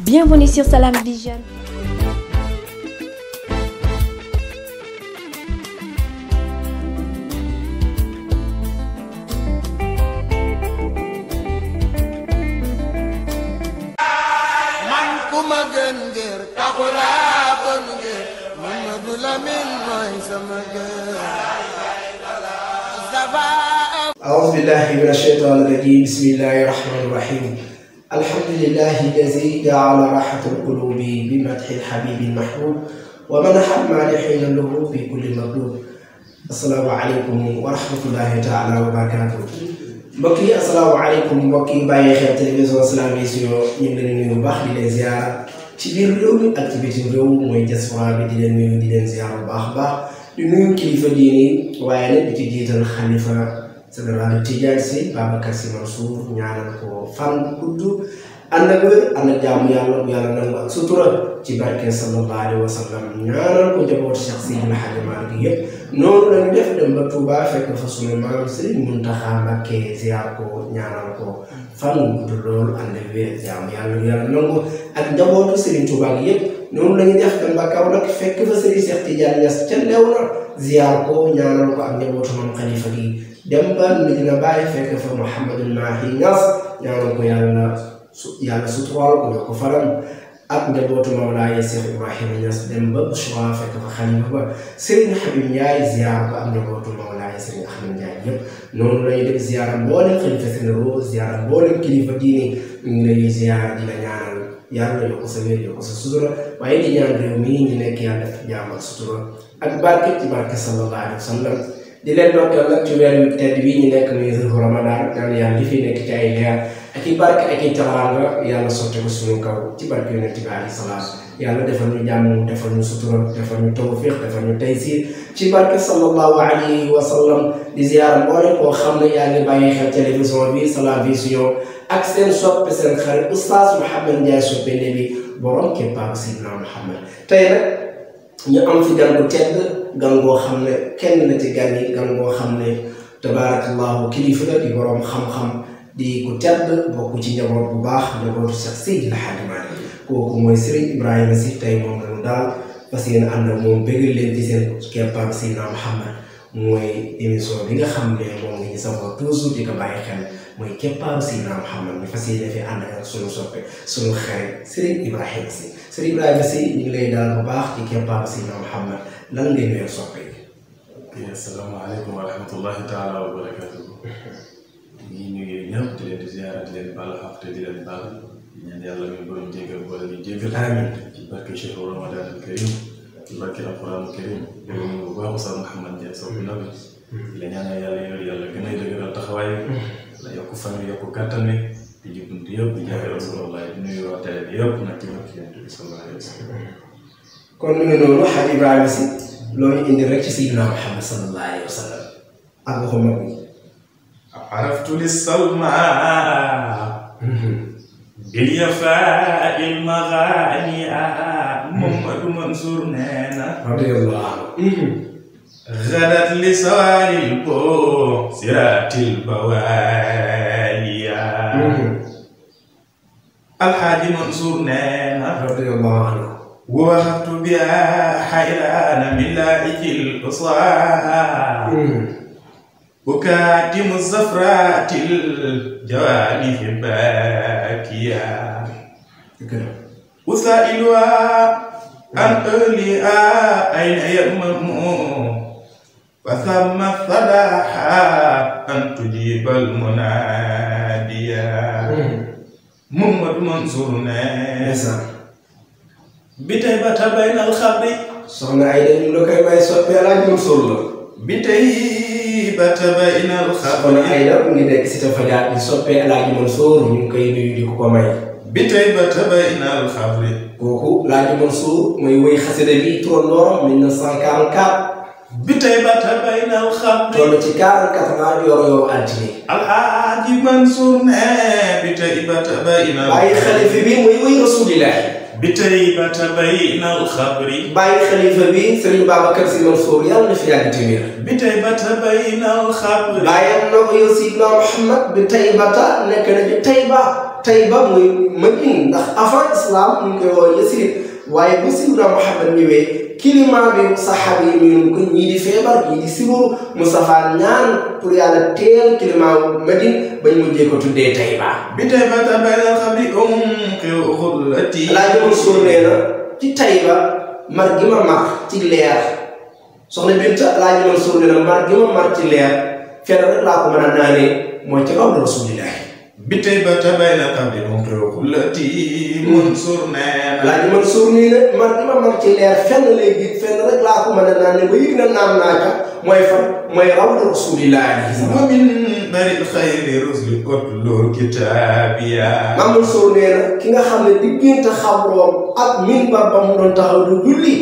Bienvenue sur Salam Vision. أعوذ بالله من الشيطان الرجيم بسم الله الرحمن الرحيم alhamdulilah allazi jaala raxatal qulubi bi madxil xabibi mahbub wa manaxal maadixina lahu fi kulli matlub asalaamu aleykum wa rahmatullahi taala wa barakaatu mbokk yi asalaamu aleykum mbokk yi bàyyi xel télévision Salam Vision ñu ngi leen nuyu bu baax di leen ziar ci biir réew mi ak ci bitim réew mooy diaspora bi di leen nuyu di leen ziar bu baax a baax di nuyu kilifa diini waaye nag di ci jiital xalifa général Tidiane Sy Babacar Sy Mansour ñaanal ko fan bu gudd ànd ak wér ànd jaamu yàlla ci barke sallallahu alayhi wa sallam ñaanal ko njaboot Cheikh fekk fa sunu maam Serigne ak wér jaamu ca Léona ziar ko ñaanal ko ak njabootu moom xalifa gi dem ba Medina Baye fekk fa Mouhamadou Mahi Niass ñaanal ko yàlla su ko faram ak njabootu Mawlaaye Cheikh Ibrahima Niass dem ba Bouchra fekk fa xalifa ba Serigne Habib Ndiaye ziar ko ak njabootu Mawlaaye Serigne Ahmed Ndiaye yëpp noonu lay def ziar mboolem xalifa seen ziar mboolem kilifa diine ñu ngi lay nekk yàlla def jàmm ak sutura ak barke ci barke sallallahu di leen ndokkeel nag ci weer wi tedd bi ñu nekk muy heure Ramadan naan yàlla li fi nekk ci ay leer i barke ak i teraanga yàlla sotti ko suñu kaw ci barke yonent bi alayhi salaam yàlla defal ñu jàmm defal ñu sutura defal ñu tawfiq defal ñu taysir ci barke sallallahu alayhi wa sallam di ziyaara mboole koo ne yaa ngi bàyyi xel télévision bi Salam Vision ak seen soppe seen xarit oustaz Mouhamed Ndiaye soppe ne bi borom képp ak Seydina Mouhamed tey nag ñu am fi gan goo xam ne kenn na ci gan yi gan goo xam ne tabaarakallahu kilifa la di boroom xam-xam di ku tedd bokk ci njaboot bu baax njabootu Cheikh Seydi El Hadji Malick kooku mooy Serigne Ibrahima Sy tey moom lañu daal parce que yéen ak moom bëgg leen ci seen keppaam Seydina Muhammad mooy émission bi nga xam ne moom nga ñu safoo toujours di ko bàyyi xel mooy keppaaru Seydina Muhammad ñu fas yéene fi ànd ak suñu soppe suñu xarit Serigne Ibrahima Sy Serigne Ibrahima Sy ñu ngi lay daal bu baax ci keppaaru Seydina Muhammad lan ngay nuyoo soppe yi. asalaamaaleykum wa rahmatullahi taala wa barakatuhu ñi ñuy ñëpp di leen di ziara di leen baal xaq te di leen baal ñaan yàlla mi borom jéggal wala ñu jéggal amiin ci barke Cheikh Ramadan al Karim ci barke alxuraan karim yooyu bu baax Oustaz Mouhamed Ndiaye Sow bi nag mm-hmm. di la ñaanal yàlla yor yàlla gën a dëgëral taxawaay mm-hmm. la yokk fan wi yokk kàttan wi di ji bunt yëpp di jafe rasulallah di nuyu waa télé bi yëpp nag ci barke yonent bi sallallahu alayhi wa sallam mm-hmm. kon mi ngi noonu xam Ibrahima si loolu indi rek ci Seydina Mouhamed sallallahu alayhi wa sallam ak waxu mag yi araftu li salma باليفاء المغاني محمد منصور نانا رضي الله عنه غدت لسان البو سرات البواليا الحاج منصور نانا رضي الله عنه ووهبت بها حيران من لائج القصاها بكات الزفرات الجوانح باكيا وسائلها عن أهلها أين يأمم فثم الصلاح أن تجيب المناديا محمد منصور نيسا بتيبة بين الخبر soxna ay dañu la koy may soppi alaaj Mansour la bi tey kon Aida mu ngi nekk si tafa daal di soppee Alaaji Mansour ñu ngi koy nuyu di ko ko may. bi tey ba taba inaal xabri. kooku Alaaji Mansour mooy woy xasida bi turandoo 1944. bi tey ba taba inaal xabri. toll ci 44 ans yoroo yoroo altine. Alaaji Mansour ne bi tey ba taba inaal. waaye xalifa bi mooy woy Rasulillah bi tey ba tabay na xabri. bàyyi xalifa bi Serigne Babacar Sy Mansour yàlla na fi yàgg téeméer. bi tey ba tabay na xabri. bàyyam na ko yow Sidna Muhammad bi tey ba ta nekk na ci tey ba tey ba muy Madina ndax avant islam ñu koy woo Yasrib waaye bu Seydina Muhammad ñëwee climat bi saxaaba yi ñu ko ñii di feebar ñii di sibaru Mustafa ñaan pour yàlla teel climat wu Madine bañ mujjee ko tuddee Tayba. bi Tayba tabayal xam ni um xullati. laaj bu suur nee na ci Tayba mar gi ma mar ci leer soxna Binta laaj bu suur nee na mar gi ma mar ci leer fenn rek laa ko mën a naanee mooy ci kaw Rasulillah بتيبة بينك بالمطرق التي منصور nee na. laaj Mansour nii nag man li ma mën ci leer fenn lay gis fenn rek laa ko mën a naan ne ba na naam naa ca mooy fan mooy rawdu rasulillahi. wa min bari xayri rusli utlu kitaabiya. Maam Mansour nee na ki nga xam ne diggante xabroom ak minbar ba mu doon taxaw du julli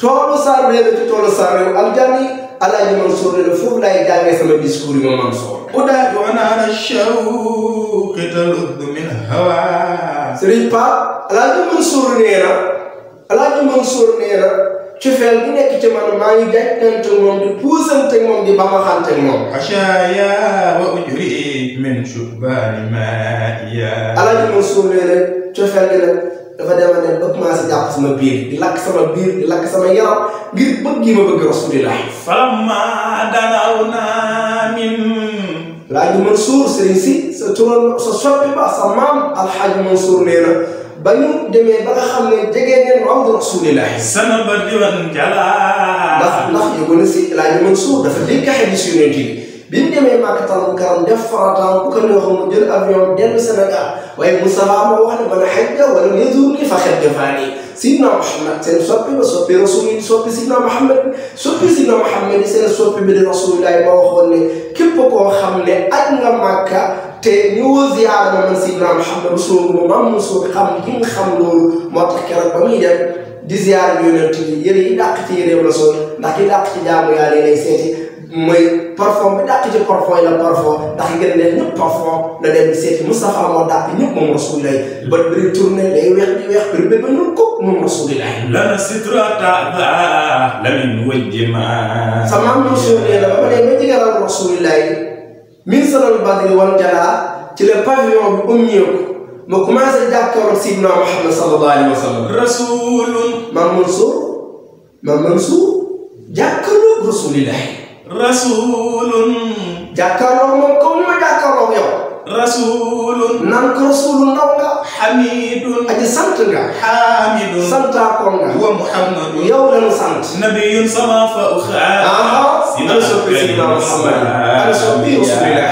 toolu Sarr nee na ci toolu Sarr aljanna yi Alaaji Mansour ne la foofu laay daanee sama discours yi ma Mansour. Oudar Yohana Chawou xital min hawa. Serigne Pape Alaaji Mansour nee na Alaaji Mansour nee na. cofeel bu nekk ci man maa ngi gàccante moom di puusante moom di moom. ashaaya ba commencé jàpp sama biir di lakk sama biir di lakk sama yaram ngir bëgg yi ma bëgg Rasulillah. falamma danawna min. Alaaji Mansuur Sëriñ si sa turoon sa soppi ba sa maam Alxaaji Mansuur nee na. ba ñu demee ba nga xam ne jege neen rawdu rasulillahi sama ba diwan jalaa ndax ndax yóbbu na si Laaji Mansuur dafa dégg xadiis Yonent bi bi mu demee Makkatal Mukarram def farataam ku ko neex mu jël avion dellu Sénégal waaye Moussa ma wax ne man xajja wala yazur ni fa xajja faani Sidna Muhammad seen soppi ba soppi rasul soppi Sidna Muhammad soppi Sidna Muhammad seen soppi bi di rasulillahi ma waxoon ne képp koo xam ne aj nga ka te ñu woo ziyaara ba man Seydina Muhammad Rasul mu mam Rasul xam gi mu xam loolu moo tax keroog ba muy dem di ziyaara yonent yi yére yi dàq ci yére la sol ndax ki dàq ci jaamu yàlla yi lay seeti mooy parfum bi dàq ci parfum yi la parfum ndax gën leen ñëpp parfum la dem seeti Moustapha moo dàq ñëpp moom Rasulullah ba bëri tourné day min salal badri wal jalaa ci la pavillon bi ummeeku ma commencé jàkkaarloog sidna Muhammad sallallahu alayhi wa sallam. rasulun. Mame Mansour Mame Mansour jàkkaarloog rasulillahi. rasulun. jàkkaarloog moom ko. rasulun nan ko rasulun ndaw nga hamidun aji sant nga hamidun santakoon nga wa muhammadun yow lañu sant nabiyun sama fa uxaa ana soppi sidna muhammad ana soppi rasulillah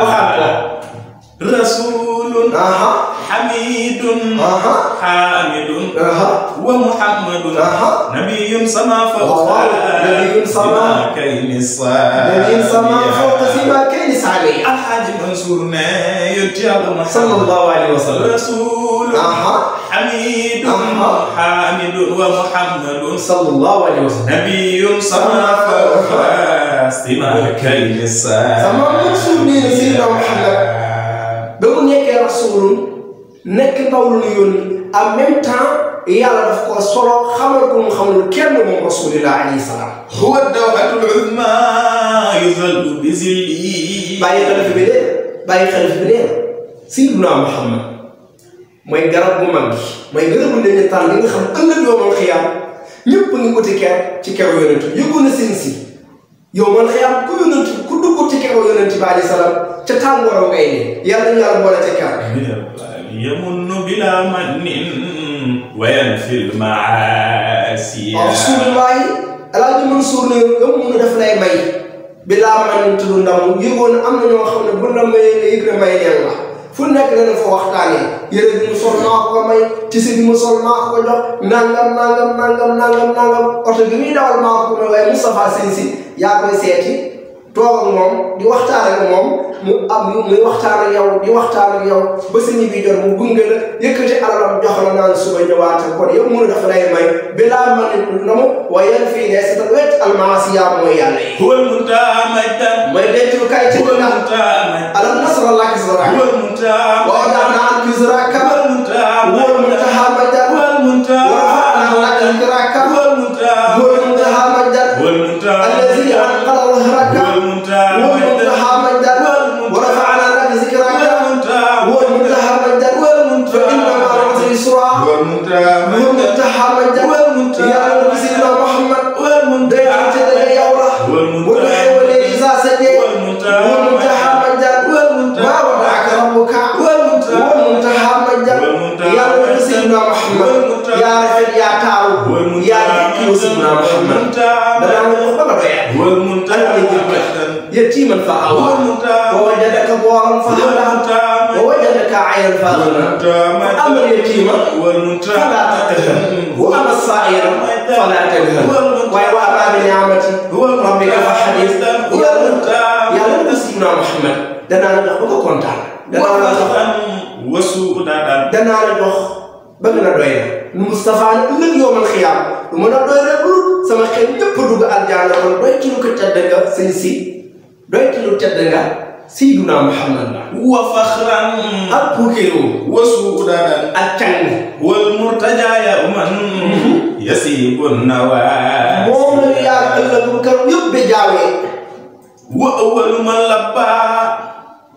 waxaat ko rasulun حميد حامد ومحمد نبي سما فوق نبي سما كين نبي سما فوق سما كين سعلي الحاج منصور يتيار صلى الله عليه وسلم رسول حميد حامد ومحمد صلى الله عليه وسلم نبي سما فوق سما كين سما منصور سيدنا محمد بمن يكي رسول nekk ndaw lu ñu yónni en même temps yàlla daf ko solo xamal ko mu xamul kenn moom rasulillah alayhi salaam. huwa dawhatul uzma yuzallu bi zilli. bàyyi xalifa bi dee bàyyi xalifa bi dee Sayyiduna Muhammad mooy garab bu mag gi mooy garabu ne ñu tànn li nga xam ëllëg yawmal xiyaam ñëpp ngi uti ker ci keru yonent yëgoo na seen si yawmal xiyaam ku yonent ku dugg ci keru yonent bi alayhi salaam ca tàngooram ngay ne yàlla ñu yàlla boole ca ker. يمن بلا من وينفي المعاسي رسول الله alaaji Mansuur ne yow mu def lay may bi laa man tudd ndam yëgoon am na ñoo xam ne bu la mayee nga yëg ne may neen la fu nekk dana fa waxtaanee yére bi mu sol naa ko may ci si bi mu sol naa ko maa ko may waaye Moustapha Sy Sy yaa koy seeti toog ak moom di waxtaan ak moom mu am muy waxtaan ak yow di waxtaan ak yow ba sa ñibbi jot mu gunge la yëkkati alalam jox la naan suba ñëwaata kon yow mënu dafa lay may bilaa man it na mu waaye yan fii ne sa wet almaasi yaa mooy yàlla yi. wal mutaamajdan. mooy denc kay ci wal mutaamajdan. alam nasra laka sadrak. wal mutaamajdan. wa wada'na anka wizrak. wal mutaamajdan. wal mutaamajdan. wal mutaamajdan. wa rafa'na laka dhikrak. يتيما فأوى ووجدك ضارا فهدى عين الفاقر وأما اليتيم فلا تقهر وأما الصائر فلا تنهر وأما بنعمة ربك فحدث yàlla na Seydina Muhammad danaa la jox ba nga kontaan. lu mën a doy rek lu lu ko tedd sayyiduna muhammad la wa fakhran ak puukkeeru wa suudanan ak càng wal murtajaya man mhm. yasibun nawa moom la yaa ëllëg bu karam yëpp ba jaawee wa awwalu man labba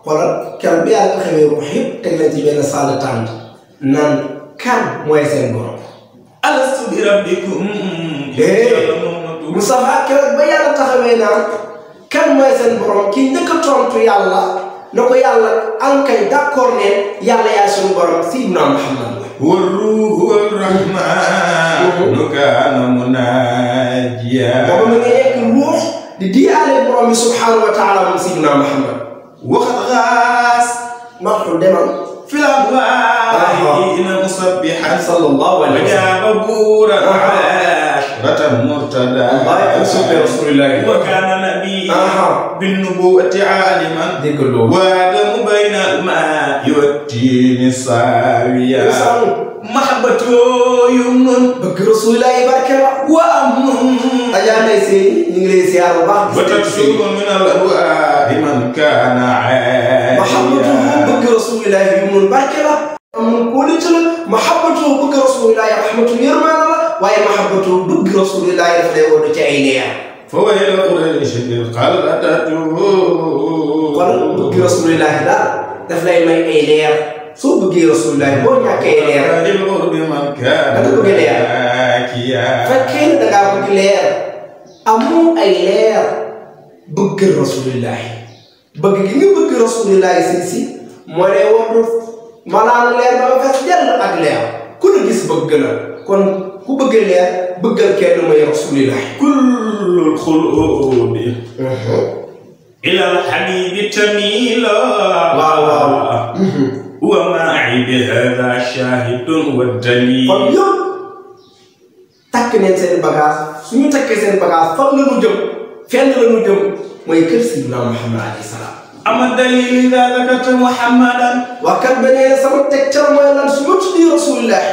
xoolal keroog bi yàlla xamee ruux yëpp teg leen ci benn salle tànt naan kan mooy seen borom alastu bi rabbikum Moussa keroog ba yàlla taxawee naan kan mooy seen borom ki njëkk a tontu yàlla na ko yàlla ankay d'accord ne yàlla yaay suñu borom Sayyidina Muhammad والروح الرحمن كان مناجيا booba ma ngi nekk ruux di diyaale borom bi subhaanahu wa taala moom Sayyidina Muhammad waxat xaas maxu demal في الأبواب مسبحا صلى الله عليه وسلم وجاب بورا عشرة مرتدى الله يقول رسول الله وكان أبي بالنبوة عالما وآدم بين الماء والتين ساويا محبة يمن بك رسول الله يبارك وأمن أجانا يسي إنجليزي يا رب وتكسب من الأبواب من كان عاليا محبته بك رسول الله يمن بارك أمن كل محبته بك رسول الله رحمة يرمان الله وهي محبته بك رسول الله يفلي ودك عينيه foofu yéen a ko doon incha allah. kon bëgg rasulillahi la daf lay may ay leer soo bëggee rasulillahi boo ñàkkee leer. da nga bëgg leer. fekkee da ngaa ay leer. bëgg rasulillahi. leer ba nga ak leer ku la gis bëgg la kon. ku bëgg a leer bëggal kenn mooy rasulillah kullul xulubi uh-huh. ilal xabibi tamila waaw waaw mm-hmm. wa ma'i bi hada shahidun wa dalil kon ñoom takk neen seen bagage suñu takkee seen bagage fan la ñu jëm fenn la ñu jëm mooy kër Seydina Muhammad alayhi salaam ama dalil dalakata Muhammadan waa kat beneen sama tegtal mooy lan su ma tuddee rasulillah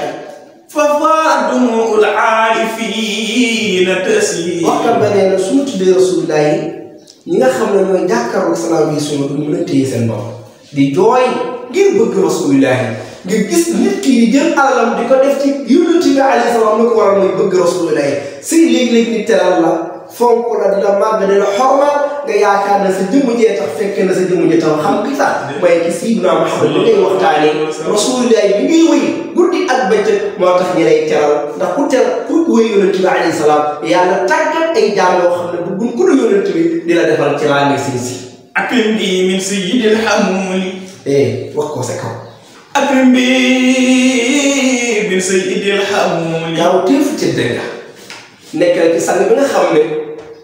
fafaadumul a tësi waxtaan ba nee na suñu tuddee rasulullah yi ñi nga xam ne ñooy jàkkaarloog salaam yi suma duñu mën a téye seen bopp di jooy ngir bëgg rasulullah yi nga gis nit ki di jël di ko def ci yonent bi alayhi salaam lu ko waral mooy bëgg rasulullah yi si léegi-léegi nit teral la fonk la dina màgg dina xormal nga yaakaar na sa jëmm jee tax fekk na sa jëmm jee tax xam ki tax mooy ki Sayyidina Muhammad bi ngay waxtaanee rasulullah bi ngay wëy ak bëccëg moo tax ñi lay teral ndax ku teral ku wéy yonent bi alayhi salaam yàlla tàggat ay jaam yoo xam ne bëgguñ ku dul yonent bi di la defal ci laa ngay sëy a apim bi min sayyidil hamuli eh wax ko sa kaw apim bi min sayyidil hamuli gaaw téef ci dëgg nekk la ci nga xam ne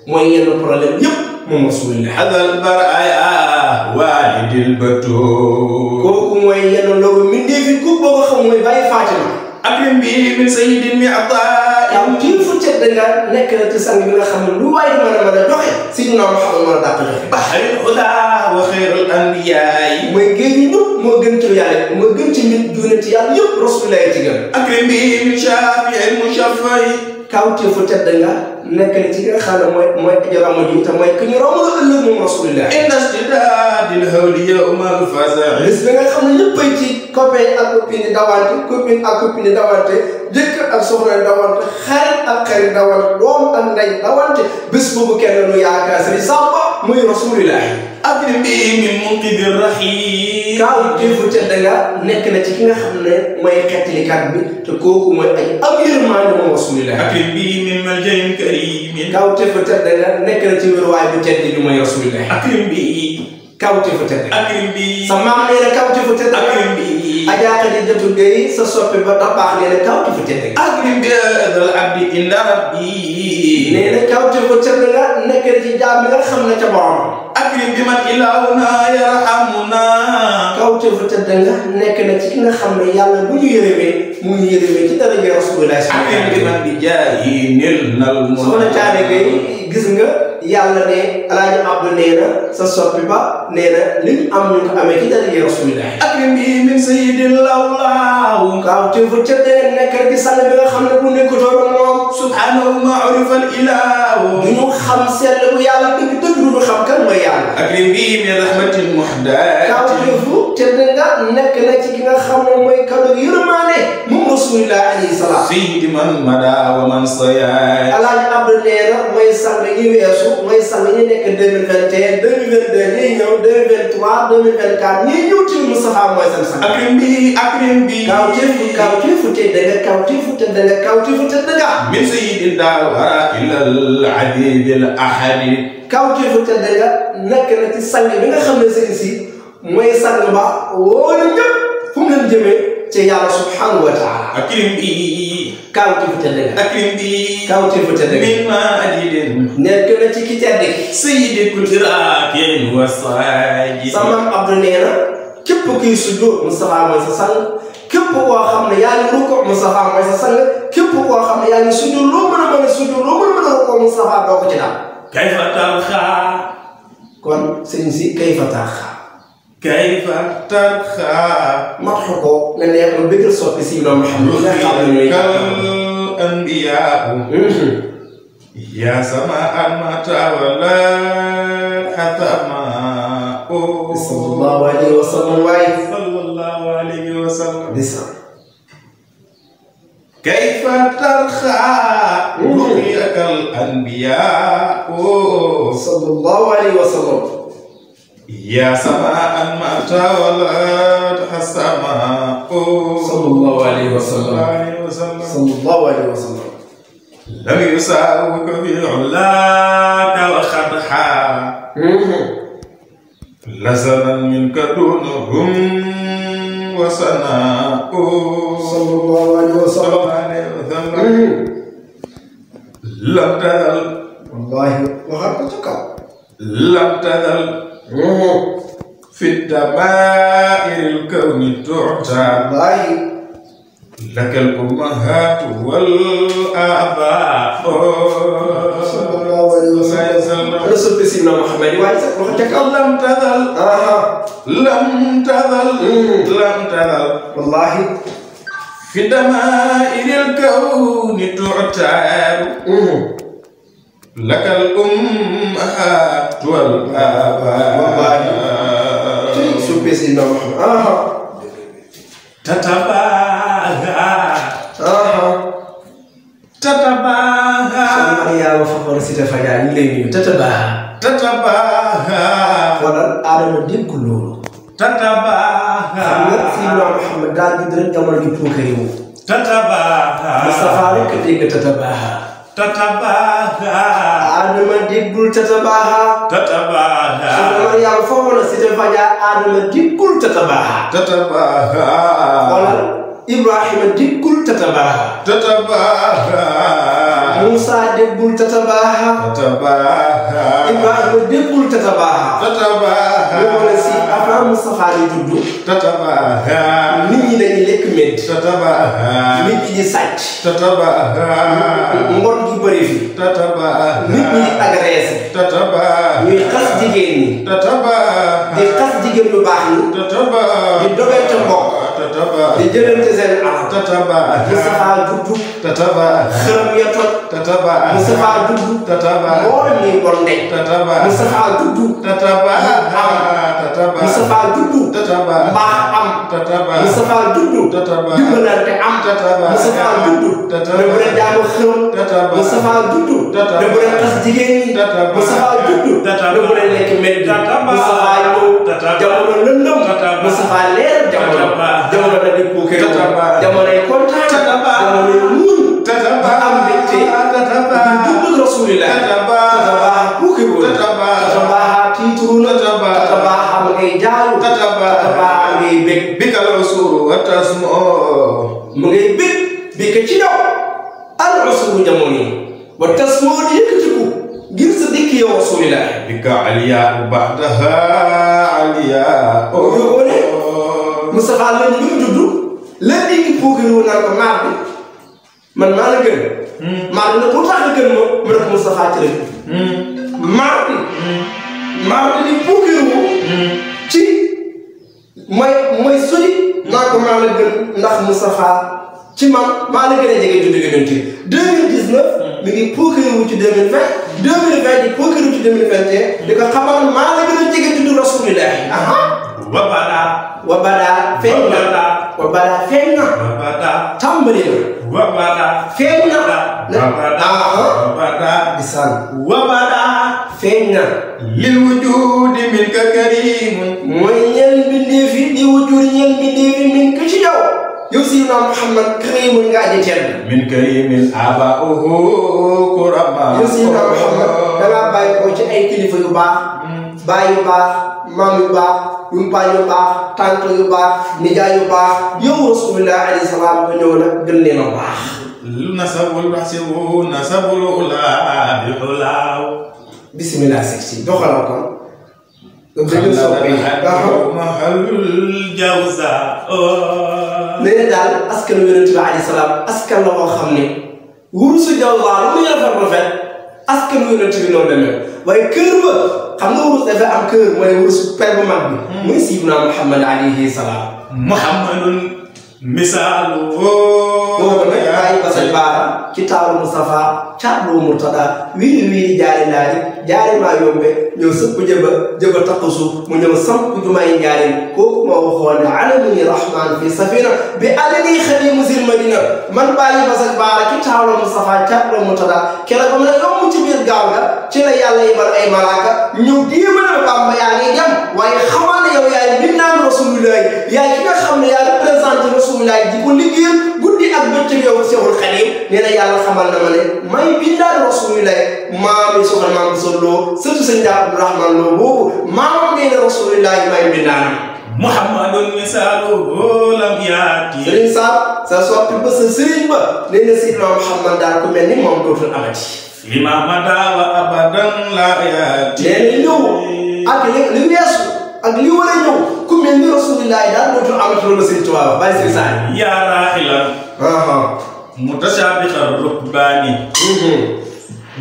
mooy yenn problème yëpp musul xasal bar ay ah waalidil batoo kooku mooy yenn loolu mindeefi ku boo ko xam mooy bàyyi Fatima ablim bi min sayidin mi abdaa yow kii fu cet danga nekk na ci sang bi nga xam ne lu waaye mën a mën a doxe sidina Muhammad mën a dàq joxe baxril hudaa wa xeyrul anbiyaay mooy géej ñu ñëpp moo gën ci yàlla moo gën ci nit duuna ci yàlla yëpp rasulullah ci gën akrim bi min shafii mushafai kaw kii fu cet danga nekkal ci nga xam ne mooy mooy aji romb ji te mooy ki ñu romb la ëllëg moom rasulillah. inna shtidaadil hawli yawmal fasaa. bis bi nga xam ne ñëppay ci copain ak copine di dawante copine ak copine di dawante jëkkër ak soxna dawante xarit ak xarit dawante doom ak ndey dawante bés boobu kenn nu yaakaar sëriñ Samba muy rasulillah. akribii min munqidhi rahim. kaaw jëfu ca danga nekk na ci ki nga xam ne mooy xettalikat bi te kooku mooy ay am yërmande moom rasulillah. akribii min maljain kawteef yi min kawteefu tedd nekk na ci wéruwaay bu tedd bi mooy rasulillah akrim bi kawteefu tedd akrim bi sa maam nee na kawteefu tedd akrim bi Ajaa Xadijatu Gey sa soppe ba da baax nee na kawteefu nga nekk na jaam bi nga ca borom akrim bi man ilahuna yarhamuna kawteefu tëdd nga nekk na ci ki nga xam ne yàlla bu ñu yërëmee mu ñu yërëmee ci daraja rasulullah akrim bi man bi jaahi nil nal mu na caane gay gis nga yàlla ne alaaji abdu nee na sa soppi ba nee li ñu am ñu ko amee ci daraja rasulillahi ak mbii min sayyidil awlaahu te fa ca dee bi nga xam ne bu nekkutoon moom subhanahu ma urifa al ilahu du ñu xam sell bu yàlla dëgg dëgg du ñu nga nekk na ci ki nga xam ne mooy kaddu yërmaane moom rasulillah alayhi salaam sayidi man mada wa man sayaa Abdou nee na mooy sang ñi weesu mooy sang ñi nekk deux mille vingt et un deux mille vingt deux ñiy ñëw deux mille vingt trois deux mille vingt quatre ñiy ñëw ci Moustapha mooy seen sang. akrim bi akrim bi. kawteefu kawteefu te danga kawteefu te danga kawteefu te danga. min sayyidil daara ilal adidil ahadi. kawteefu te danga nekk na ci sang bi nga xam ne seen si mooy sang ba wóor na ñëpp fu mu leen jëmee ci yàlla subhanahu wa taala. kawtif tedde ga akrimdi kawtif tedde ga min ma adiden nen kene ciki tedde sayyidi kultirakin wasaji samam abdou neena képp kuy sujjóot Moustapha mooy sa sang képp koo xam ne yaa ngi rukkoo Moustapha mooy sa sang képp koo xam ne yaa ngi sujjóot loo mën a mën a sujjóot loo mën a mën a rukkoo Moustapha doo ko ci daal kayfa taaxa kon sëñ si kayfa kayfa tarxa matxu ko nga neex ba bëggal soppi si loolu xam nga nga xam ne ñooy kal anbiyaa yaa sama almata wala xatama sallallahu alayhi wa sallam waay sallallahu alayhi wa sallam ndeysaan kayfa tarxa ruqyaka al anbiyaa sallallahu alayhi wa sallam yaa sabaan mata wala taxasama sallallahu alayhi wa sallam sallallahu alayhi wa sallam lam yusaawiku fi ulaaka wa xadxa lasanan minka dunuhum wa sanaa sallallahu alayhi wa sallam lam tadal wallahi waxal ko ca kaw lam tadal ruuxu fi dabaa'iril kawni tu'ta lakal ummahaatu wal aabaa'u سيدنا محمد وعزك لم تزل آه. لم تزل لم تزل والله في دمائر الكون تعتاب lakal ummahaat wal aabaat su pes yi ndaw tatabaaha tatabaaha sama yàlla fa war a si dafa yaa ngi lay nuyu tatabaaha tatabaaha xoolal aadama dénk loolu tatabaaha xam nga si ñoom Muhammad daal di rek jamono ji puukari wu tatabaaha Mustafa rek dégg tatabaaha tatabaha adama diggul tatabaha tatabaha soxna Mariama foo mën a cité Fadia adama diggul tatabaha tatabaha wala Ibrahima diggul tatabaha tatabaha Moussa déggul tatabaaxa. tatabaaxa. Ibrahima déggul tatabaaxa. tatabaaxa. ñoo ne si avant Moustapha di juddu. tatabaaxa. nit ñi dañuy lekk mën. tatabaaxa. nit ñi di ngor gi bëri fi. tatabaaxa. ñi di agressé. xas jigéen ñi. xas jigéen lu baax ñi. tatabaaxa. di tataba di jëlante seen alal tataba Moustapha juddu tataba xërëm ya toj tataba Moustapha juddu tataba moo ni bon de tataba Moustapha juddu tataba am Moustapha juddu tataba mbaax am tataba Moustapha juddu tataba dimbalante am tataba Moustapha juddu tataba bu leen jaamu xërëm tataba Moustapha juddu tataba bu leen tas jigéen ñi tataba Moustapha juddu tataba bu leen lekk mel tataba Moustapha jamono lëndëm Moustapha leer jamono jamono la di ko kër jamonoy kontaan jamonoy muñ di am mbégte di dund rasulillah tatabaa kukiru tatabaa tiituru tatabaa am ngay jaaru tatabaa ngay bég bi ka rasulu watasmo mu ngay bég bi ka ci daw al rasulu jamono wa tasmo di yëkkatiku ngir sa dikk yow rasulillah bika aliya baxdaha aliya o yow ne Moustapha lan ñu juddu lan di puuki wu naan ko maar bi man maa la gën hmm. maar bi ne pour tax gën ma mu ne ko Moustapha ci la maar bi ci mooy mooy sori naa ko maa la gën ndax Moustapha ci man a jege juddu mi ngi procuré wu ci 2020 2020 di procuré wu ci 2021 di ko xamal maa la gën a jege tudd rasulillah aha wa bada wa bada feeñ na wa bada feeñ na wa bada tàmbali na wa bada feeñ na wa bada wa bada bisan wa bada feeñ na lil wujudi min ka karim mooy ñeen bi ndéefi di wujur ñeen bi ndéefi min ka ci yow yow Seydina Muhammad karimun nga aji tedd min karimin abaahu kurama yow Seydina Muhammad da ngaa bàyyi ko ci ay kilifa yu baax bàyyi yu baax maam yu baax yumpaañ yu baax tànk yu baax nijaay yu baax yow rasulullah alayhi salaam ba ñëw nag gën leen a baax nasabul basiru nasabul ulaa bi xulaaw bismillah seg si doxalal ko nee daal askan wi yonent bi alayhi salaam askan la koo xam ne wurusu jawzaa lu muy rafet rafet askan wi yonent bi noonu demee am kër mooy wurusu per bu mag bi. Hmm. muy Seydina Muhammad alayhi salaam. Muhammadun misaalu ko ɗo bayi basal baara kitaalu moustapha catɗo murtaɗa wiiri wiiri jaarenaaji jaarema yomɓe ñow sappo jeba jeba takkusu mo ñow sappo jumayi jaaren ko kuma o hoonde alamini rahman fi safina be adani hani musil madina man bayi basal baara kitaalu moustapha catɗo murtaɗa kela komna yommuti bir gawnga cila yalla yiɓan ay malaka ñow dimanal bamba yaani jam waye xamal yow yaay binnaano rasulullahi yaay ki nga xam ne yaa sant Rasulullah na yàlla xamal ma ne may bindaan Rasulullah maam yi soxna maam Bousso Lo surtout sëñ Daa Abdourahman Lo boobu Muhammad daal ku mel ni moom dootul amati. fi ma mata wa abadan la yaati. ak li war a ñëw ku mel ni rasulillahi daal dootul amati loolu sëñ Tuubaa bàyyi sëñ Saay yaa raaxila mutasaabiqa rukbaani mhm.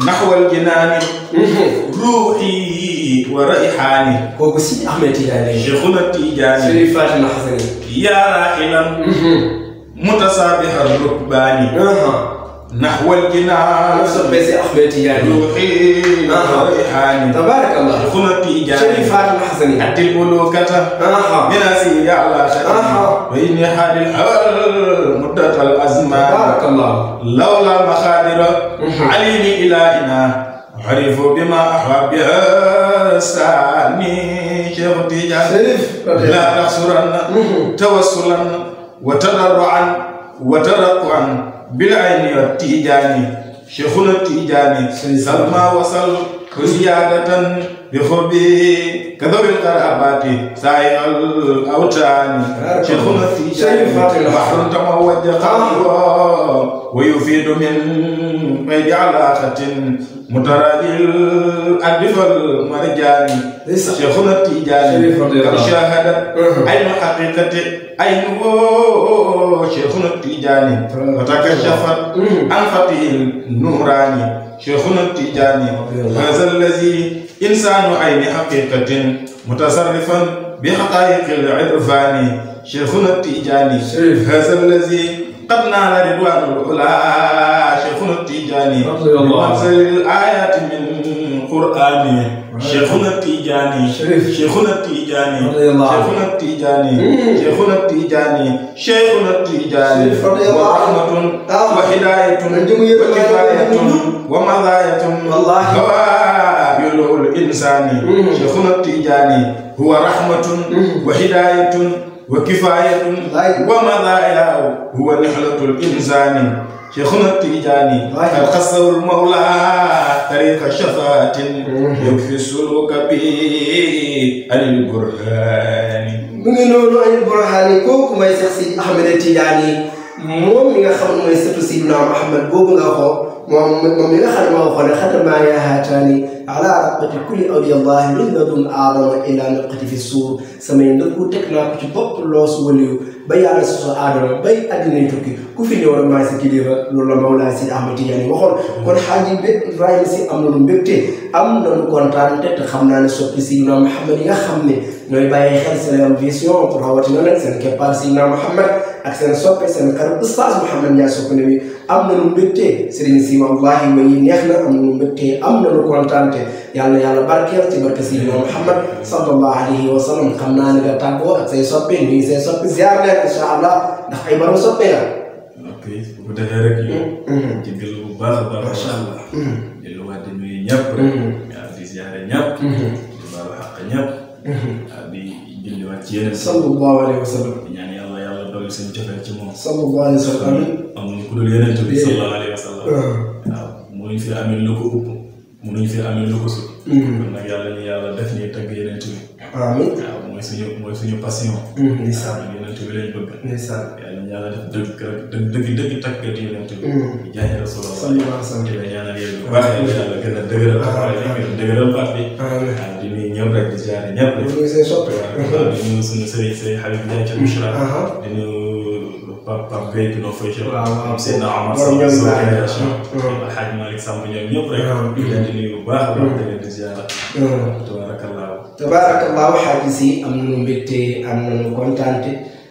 naxwal jinaani mhm. ruuxi wa raihaani kooku si Ahmed Tidiane Cheikhuna Tidiane Chérif Fatima Xasani yaa raaxilan mhm. mutasaabiqa rukbaani نحو الجنان سبيسي أحمد تياني يوحي ريحاني تبارك الله خلقي جاني شريف هذا الحسني أدي الملوكة من أسيري على شأني وإني حال الحول مدة الأزمان بارك الله لولا مخادر عليني إلهنا عرف بما أحوى بها ساني شيخ تيجان لا تحصرن توسلا وتضرعا وترقعا bil ayni wa tijaani cheikhuna tijaani salma wasal wa ziyaadatan bi xubbi kadawil qaraabati saayal awtaani cheikhuna tijaani bahrun tamawajja wa yufiidu min qaydi alaaqatin mutarajil الأرض والمرجان شيخنا التيجاني قد شاهد عين حقيقة عينه شيخنا التيجاني وتكشفت عن فتيه النوراني شيخنا التيجاني هذا الذي إنسان عين حقيقة متصرفا بحقائق العرفان شيخنا التيجاني هذا الذي قد نال رضوان العلا شيخنا التيجاني بمنزل الآيات من qur'ani cheikhuna tijaani cheikhuna tijaani cheikhuna hmm. tijaani cheikhuna tijaani cheikhuna tijaani wa rahmatun ah. wa hidayatun wa kifayatun wa madayatun kawaabilul insani cheikhuna hmm. tijaani huwa rahmatun hmm. wa hidayatun wa kifaayatun wa madailahu huwa nihlatul insani شيخنا التيجاني الخصر المولى طريق شفاعة يكفي السلوك به عن البرهان mu ngi noonu Alioune Burhaani kooku mooy Seex si Ahmed Tidiane moom mi nga xam ne mooy sëtu Sidina Muhammad boobu nga ko moom moom mi nga xam ne moo waxoon ne xatamaa yahaataani ala raqabati kulli min ladun aadama ila naqati fi suur samay ndëkku teg naa ko ci bopp loosu waliyu ba yàlla soso aadama bay addina tukki ku fi ñëw rek maa si kilifa loolu la Mawlaa si Ahmad waxoon kon xaaji bé Ibrahima si am na lu mbégte am na xam naa ne soppi si Seydina Muhammad yi nga xam ne ñooy bàyyi xel Salam Vision pour rawatina nag seen keppaar Seydina ak seen soppe seen xarit Oustaz Mouhamed Ndiaye soppane am na lu mbégte Serigne si wallahi way yi neex na am na lu mbégte am na lu kontaante yàlla yàlla barkeel ci barke Seydina Muhammad sallallahu alayhi wa sallam xam naa ne nga tàggoo ak say soppe nuyu say soppe ziar leen incha allah ndax ay borom soppe la. ok bu ko defee rek. Mm-hmm. ci biir bu baax a baax. macha allah. di lu waat di nuyu ñëpp rek. waaw mm-hmm. di ziare ñëpp. Mm-hmm. di baalu xaq ñëpp. waaw di julliwaat ci yeneen. sallallahu alayhi wa sallam. ak seen cofeel ci moom. sallallahu alayhi wa sallam. amuñu ku dul bi sallallahu alayhi wa sallam. Eh. Eh. waaw mënuñ fi amee lu ko ëpp mënuñ fi amee lu ko sut. Hmm. kon nag yàlla ni yàlla def nii tagg yeneen bi. amiin waaw. mooy suñu mooy suñu passion. Mm, ndeysaan yonent bi lañ bëgg. ndeysaan yàlla ñaanal def dëgg dëgg dëgg tàggat yonent bi. Mm. jaay rasulullah sallallahu alayhi wa sallam. di la ñaanal yéen bu baax yàlla gën a dëgëral. dëgëral baax bi. di nuyu ñëpp rek di jaare ñëpp rek. ñu ngi seen soppe. waaw di nuyu suñu sëriñ sëriñ Habib Ndiaye ca Bichra. Mm, di nuyu Pape Pape Gueye bi noo fay ca. waaw waaw seen Amar sama génération. Alhaji Malick Samb ñoom ñëpp rek. di leen di nuyu bu baax. di leen di ziara. tabarakallah tabaarakallaahu xaadis yi am nañu mbégte am nañu kontaante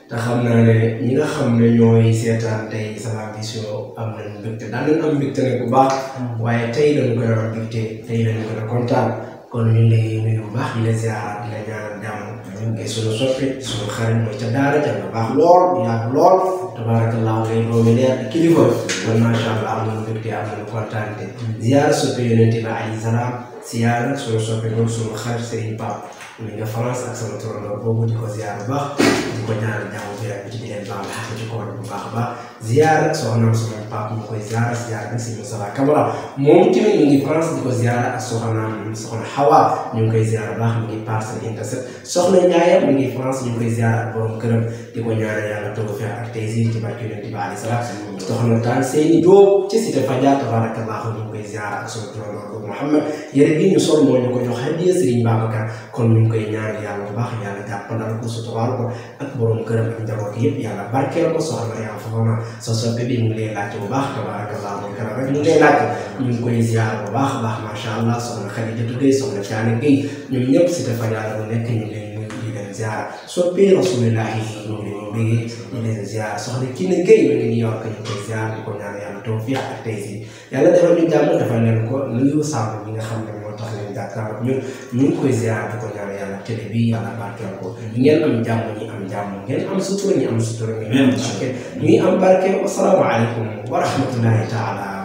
te xam ne ñi nga xam ne ñooy seetaan tey Salam Vision am nañu mbégte daan nañu am mbégte nag bu baax mm. waaye tey lañu gën a am mbégte tey lañu gën a kontaan kon ñu ngi di la ziar di la ñaanal jàmm ngay mm. suñu soppi suñu xarit mooy ca daara ca nga baax lool yàgg lool tabaarakallaahu ngay doomi leer kilifa mm. kon macha am nañu mbégte am nañu kontaante ziar soppi yonente ba salaam siyaara suñu soppe moom suñu xarit Serigne Pape mi nga France ak sama turandoo boobu di ko siyaara bu baax di ko ñaanal jàmm bi rek ci di xaq ci koor bu baax baax ziyaar ak soxnaam sama papa mu koy ziyaar ziyaar bi si mu ngi France soxna Hawa ñu ngi koy ziyaar baax mu ngi Parcelles Intercept mu ngi France ñu ngi koy ziyaar ak borom këram di ko koy ziyaar ak soxna ngi koy ñaanal yàlla bu baax yàlla jàppandal ko suturaal ko ak borom këram ak njaboot yëpp yàlla barkeel ko soxna yaa fa sa soppe bi mu ngi lay laaj bu baax tabarakallah moom kanam rek mu ngi lay laaj ñu ngi koy ziar bu baax a baax macha allah soxna Xadijatu Gay soxna Caane Gay ñoom ñëpp si te fajaara bu nekk ñu ngi leen muy di leen ziar soppe rasulillahi ñu ngi leen bëggee di leen ziar soxna Kiné Gay ma ngi New York ñu koy ziar di ko ñaan yàlla tawfiq ak tey si yàlla defal ñu jàmm defal leen ko nuyu sàmm ñi nga xam ne jàkkaarloo ak ñun ñu ngi koy ziar di ko ñaan yàlla télé bi yàlla barkeel ko ngeen am jàmm ñi am am sutura ñi am sutura ñi am barke ñi am barke wasalaamaaleykum wa rahmatullahi taala